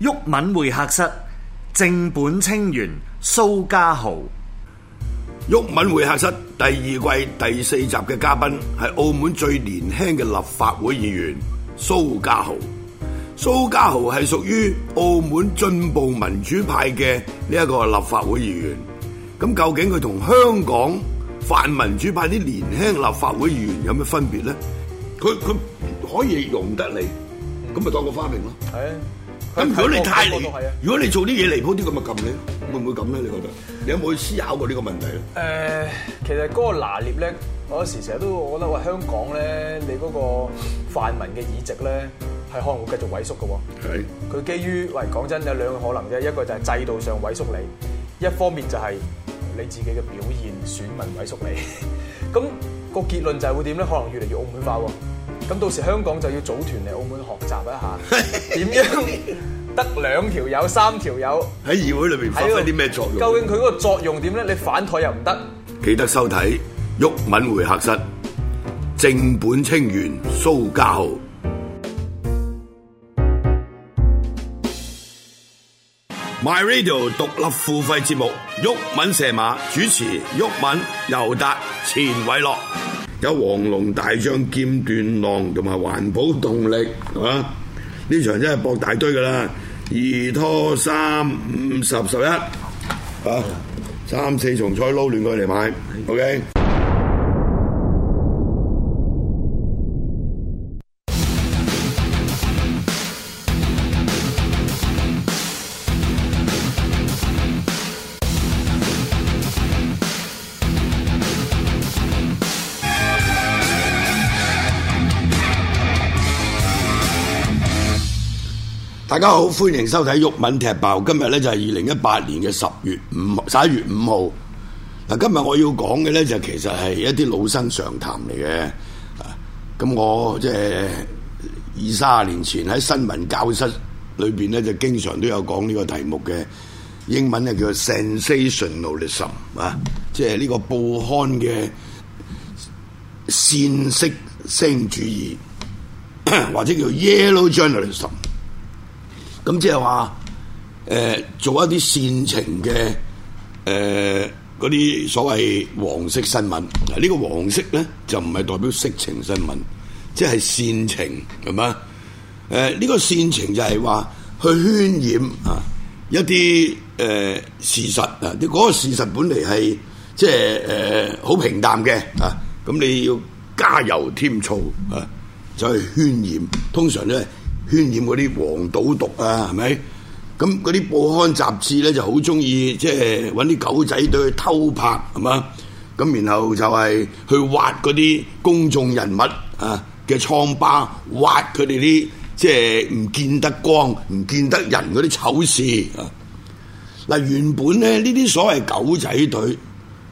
毓民會客室，正本清源，蘇家豪。毓民會客室第二季第四集嘅嘉賓係澳門最年輕嘅立法會議員蘇家豪。蘇家豪係屬於澳門進步民主派嘅呢一個立法會議員。咁究竟佢同香港泛民主派啲年輕立法會議員有咩分別咧？佢佢可以容得你，咁咪當個花名咯。係啊。咁如果你太離，如果你做啲嘢離譜啲咁啊，撳你會唔會咁咧？你覺得你有冇去思考過呢個問題咧？誒，其實嗰個拿捏咧，我有時成日都覺得話香港咧，你嗰個泛民嘅議席咧，係可能會繼續萎縮嘅喎。係。佢基於喂，講真有兩個可能啫，一個就係制度上萎縮你，一方面就係你自己嘅表現，選民萎縮你。咁個結論就係會點咧？可能越嚟越澳門化喎。咁到時香港就要組團嚟澳門學習一下，點樣？得兩條友，三條友喺議會裏邊發揮啲咩作用？究竟佢嗰個作用點咧？你反台又唔得。記得收睇毓民會客室，正本清源，蘇家豪。My Radio 獨立付費節目，毓民射馬主持，毓民、尤達、錢偉樂，有黃龍大將劍斷浪同埋環保動力啊！呢場真係博大堆噶啦～二拖三，五十十一，啊，三四重彩撈亂過嚟買的，OK。大家好，歡迎收睇《毓民踢爆》。今日咧就係二零一八年嘅十月五號，十一月五號。嗱，今日我要講嘅咧就其實係一啲老生常談嚟嘅。咁我即係、就是、二三十年前喺新聞教室裏邊咧，就經常都有講呢個題目嘅英文就叫 sensationalism 啊，即係呢個報刊嘅煽色腥主義，或者叫 yellow journalism。咁即係話，誒、呃，做一啲煽情嘅，誒、呃，嗰啲所謂黃色新聞。嗱，呢個黃色咧就唔係代表色情新聞，即係煽情，咁嘛？誒、呃，呢、這個煽情就係話去渲染啊，一啲誒、呃、事實啊，啲、那、嗰個事實本嚟係即係誒好平淡嘅啊，咁你要加油添醋啊，就去渲染。通常咧。渲染嗰啲黃賭毒啊，係咪？咁嗰啲報刊雜誌咧，就好中意即係揾啲狗仔隊去偷拍，係嘛？咁然後就係去挖嗰啲公眾人物啊嘅瘡疤，挖佢哋啲即係唔見得光、唔見得人嗰啲醜事啊。嗱，原本咧呢啲所謂狗仔隊。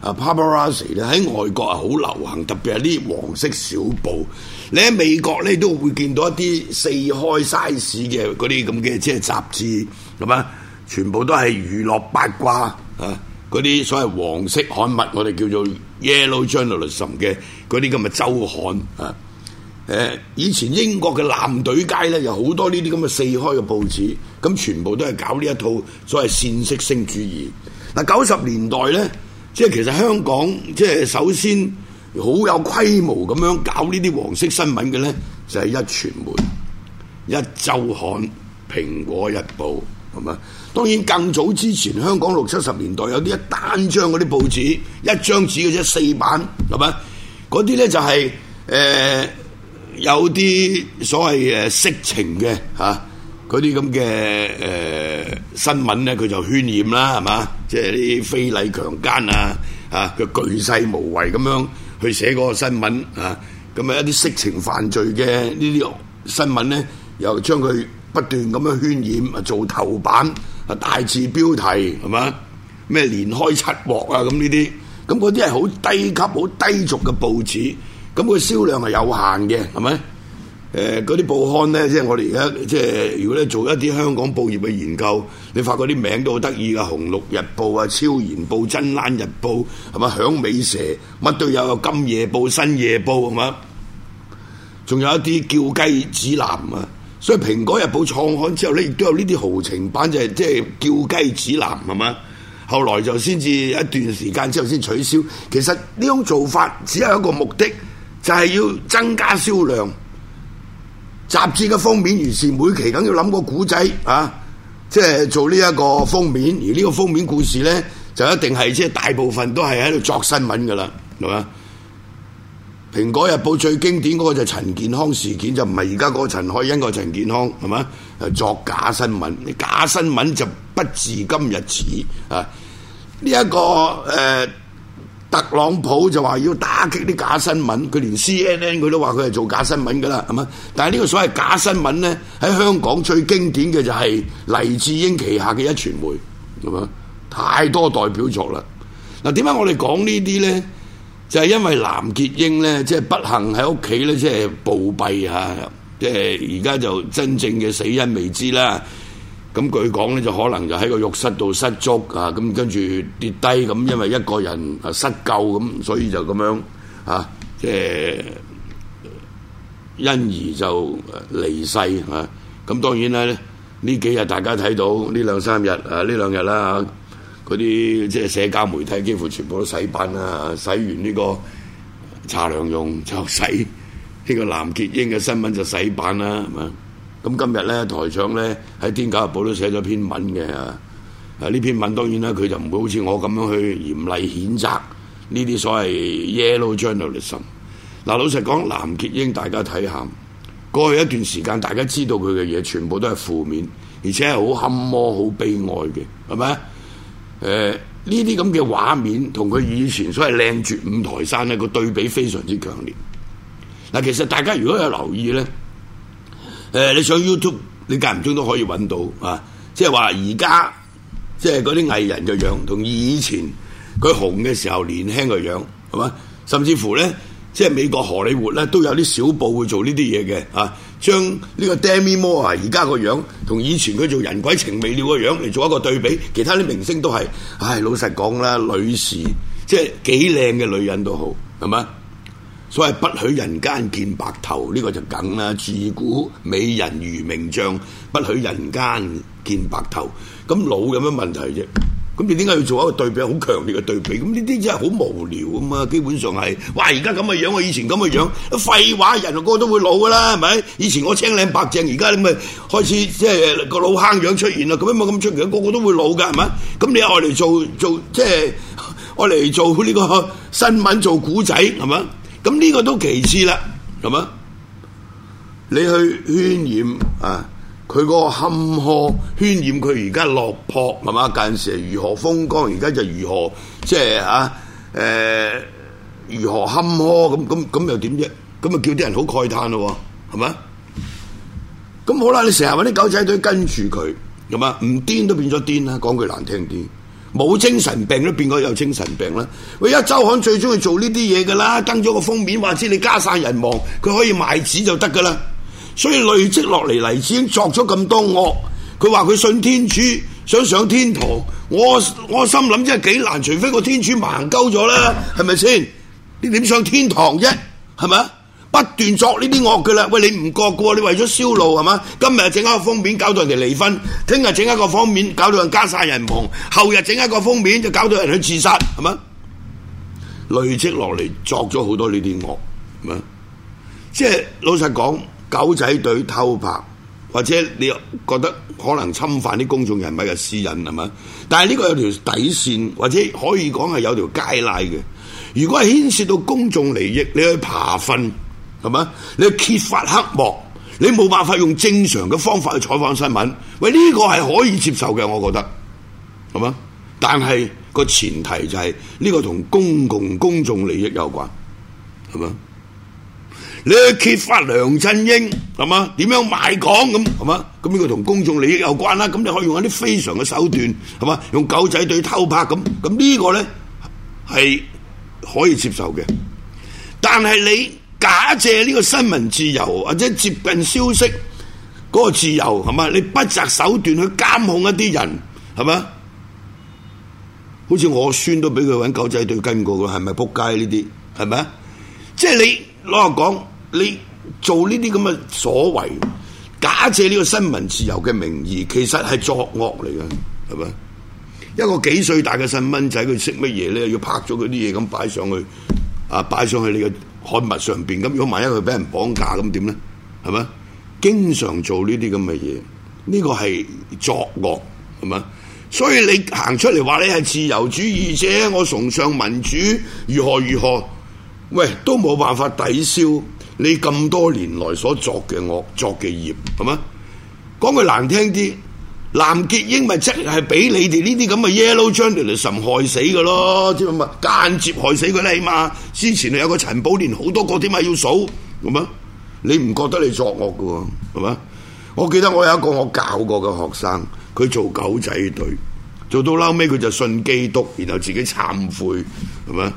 啊，paparazzi 咧，喺外國啊好流行，特別係啲黃色小報。你喺美國咧都會見到一啲四開 size 嘅嗰啲咁嘅即係雜誌，咁啊，全部都係娛樂八卦啊，嗰啲所謂黃色刊物，我哋叫做 yellow journalism 嘅嗰啲咁嘅周刊啊。誒，以前英國嘅艦隊街咧有好多呢啲咁嘅四開嘅報紙，咁全部都係搞呢一套所謂煽色腥主義。嗱，九十年代咧。即係其實香港，即係首先好有規模咁樣搞呢啲黃色新聞嘅咧，就係、是、壹傳媒、壹週刊、《蘋果日報》，係嘛？當然更早之前，香港六七十年代有啲一單張嗰啲報紙，一張紙嘅啫，四版，係嘛？嗰啲咧就係、是、誒、呃、有啲所謂誒色情嘅嚇。啊嗰啲咁嘅誒新聞咧，佢就渲染啦，係嘛？即係啲非禮強姦啊，啊，佢巨細無遺咁樣去寫嗰個新聞啊，咁、嗯、啊一啲色情犯罪嘅呢啲新聞咧，又將佢不斷咁樣渲染啊，做頭版啊，大字標題，係嘛？咩連開七鑊啊？咁呢啲，咁嗰啲係好低級、好低俗嘅報紙，咁佢銷量係有限嘅，係咪？誒嗰啲報刊呢，即係我哋而家即係如果你做一啲香港報業嘅研究，你發覺啲名都好得意嘅，《紅綠日報》啊，《超然報》、《真攬日報》，係咪？《響尾蛇》乜都有，《今夜報》、《新夜報》，係咪？仲有一啲叫雞指南啊！所以《蘋果日報》創刊之後咧，亦都有呢啲豪情版，就係即係叫雞指南，係咪？後來就先至一段時間之後先取消。其實呢種做法只係一個目的，就係、是、要增加銷量。雜誌嘅封面，如是每期梗要諗個古仔啊，即係做呢一個封面。而呢個封面故事呢，就一定係即係大部分都係喺度作新聞噶啦，係嘛？《蘋果日報》最經典嗰個就陳健康事件，就唔係而家嗰個陳凱欣個陳健康，係嘛？作假新聞，假新聞就不自今日始啊！呢、這、一個誒。呃特朗普就話要打擊啲假新聞，佢連 CNN 佢都話佢係做假新聞噶啦，係嘛？但係呢個所謂假新聞咧，喺香港最經典嘅就係黎智英旗下嘅壹傳媒，係嘛？太多代表作啦。嗱、啊，點解我哋講呢啲咧？就係、是、因為藍潔瑛咧，即、就、係、是、不幸喺屋企咧，即、就、係、是、暴斃吓、啊，即係而家就真正嘅死因未知啦。咁據講咧就可能就喺個浴室度失足啊，咁跟住跌低咁，因為一個人啊失救咁，所以就咁樣啊，即、呃、係因而就離世嚇。咁、啊、當然啦，呢幾日大家睇到呢兩三日啊，呢兩日啦，嗰啲即係社交媒體幾乎全部都洗版啦，洗完呢個查良鏞，就洗呢、這個藍潔瑛嘅新聞就洗版啦，係嘛？咁今日咧，台長咧喺《天狗日報》都寫咗篇文嘅。啊，呢篇文當然咧，佢就唔會好似我咁樣去嚴厲譴責呢啲所謂 Yellow Journalism 嗱、啊，老實講，藍潔瑛大家睇下，過去一段時間大家知道佢嘅嘢，全部都係負面，而且係好坎坷、好悲哀嘅，係咪？誒、啊，呢啲咁嘅畫面同佢以前所謂靚絕五台山咧個對比非常之強烈。嗱、啊，其實大家如果有留意咧，誒，你上 YouTube，你間唔中都可以揾到啊！即係話而家，即係嗰啲藝人嘅樣，同以前佢紅嘅時候年輕嘅樣，係嘛？甚至乎咧，即係美國荷里活咧，都有啲小報會做呢啲嘢嘅啊！將呢個 Demi Moore 而家個樣，同以前佢做人鬼情未了嘅樣嚟做一個對比，其他啲明星都係，唉，老實講啦，女士即係幾靚嘅女人都好，係嘛？所謂不許人間見白頭，呢、這個就梗啦。自古美人如名將，不許人間見白頭。咁老有咩問題啫？咁你點解要做一個對比，好強烈嘅對比？咁呢啲真係好無聊啊嘛！基本上係話而家咁嘅樣,樣，我以前咁嘅樣,樣，廢話人，人個個都會老噶啦，係咪？以前我青靚白淨，而家你咪開始即係個老坑樣出現啦。咁樣冇咁出奇，個個都會老嘅，係咪？咁你愛嚟做做即係愛嚟做呢、就是這個新聞做古仔係咪？咁呢個都其次啦，係嘛？你去渲染啊，佢個坎坷，渲染佢而家落魄，係嘛？近時如何風光，而家就如何，即係啊？誒、呃，如何坎坷？咁咁咁又點啫？咁啊，叫啲人好慨嘆咯，係嘛？咁好啦，你成日搵啲狗仔隊跟住佢，係嘛？唔癲都變咗癲啦，講句難聽啲。冇精神病都變咗有精神病啦！我壹周刊最中意做呢啲嘢噶啦，登咗個封面，話知你家散人亡，佢可以賣紙就得噶啦。所以累積落嚟，黎智英作咗咁多惡。佢話佢信天主，想上天堂。我我心諗真係幾難，除非個天主盲鳩咗啦，係咪先？你點上天堂啫？係咪啊？不斷作呢啲惡噶啦，喂，你唔覺喎，你為咗銷路係嘛？今日整一個封面搞到人哋離婚，聽日整一個封面搞到人家散人亡，後日整一個封面就搞到人去自殺，係嘛？累積落嚟作咗好多呢啲惡，係嘛？即係老實講，狗仔隊偷拍或者你又覺得可能侵犯啲公眾人物嘅私隱，係嘛？但係呢個有條底線，或者可以講係有條街拉嘅。如果係牽涉到公眾利益，你去爬糞。係嘛？你揭發黑幕，你冇辦法用正常嘅方法去採訪新聞。喂，呢、這個係可以接受嘅，我覺得係嘛？但係個前提就係、是、呢、這個同公共公眾利益有關，係嘛？你揭發梁振英，係嘛？點樣賣港咁？係嘛？咁呢個同公眾利益有關啦。咁你可以用一啲非常嘅手段，係嘛？用狗仔隊偷拍咁，咁呢個咧係可以接受嘅。但係你。假借呢個新聞自由或者接近消息嗰個自由，係嘛？你不擇手段去監控一啲人，係嘛？好似我孫都俾佢搵狗仔隊跟過嘅，係咪撲街呢啲？係咪即係你攞嚟講，你做呢啲咁嘅所謂，假借呢個新聞自由嘅名義，其實係作惡嚟嘅，係咪？一個幾歲大嘅細蚊仔，佢識乜嘢咧？要拍咗佢啲嘢咁擺上去啊，擺上去你嘅。刊物上邊咁，如果萬一佢俾人綁架咁點呢？係咪？經常做呢啲咁嘅嘢，呢個係作惡，係咪？所以你行出嚟話你係自由主義者，我崇尚民主，如何如何？喂，都冇辦法抵消你咁多年來所作嘅惡、作嘅孽，係咪？講句難聽啲。藍潔瑛咪即係俾你哋呢啲咁嘅 yellow journalism 害死嘅咯，知嘛？間接害死佢啦起碼。之前你有個陳寶蓮，好多個點解要數咁啊？你唔覺得你作惡嘅係嘛？我記得我有一個我教過嘅學生，佢做狗仔隊，做到嬲尾佢就信基督，然後自己懺悔係嘛？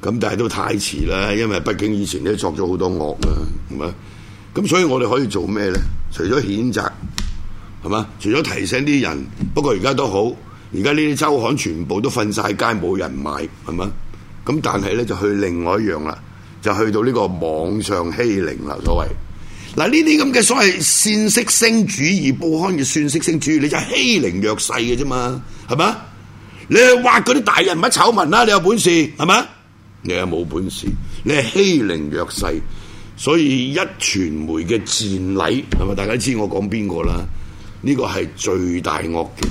咁但係都太遲啦，因為畢竟以前你作咗好多惡啦，係嘛？咁所以我哋可以做咩咧？除咗譴責。係嘛？除咗提醒啲人，不過而家都好，而家呢啲周刊全部都瞓晒街，冇人買，係嘛？咁但係咧就去另外一樣啦，就去到呢個網上欺凌啦。所謂，嗱，呢啲咁嘅所謂煽色腥主義報刊嘅煽色腥主義，你就係欺凌弱勢嘅啫嘛，係嘛？你去挖嗰啲大人物醜聞啦，啊，你有本事係嘛？你又冇本事，你係欺凌弱勢，所以壹傳媒嘅賤黎係嘛？大家知我講邊個啦？呢個係最大惡極。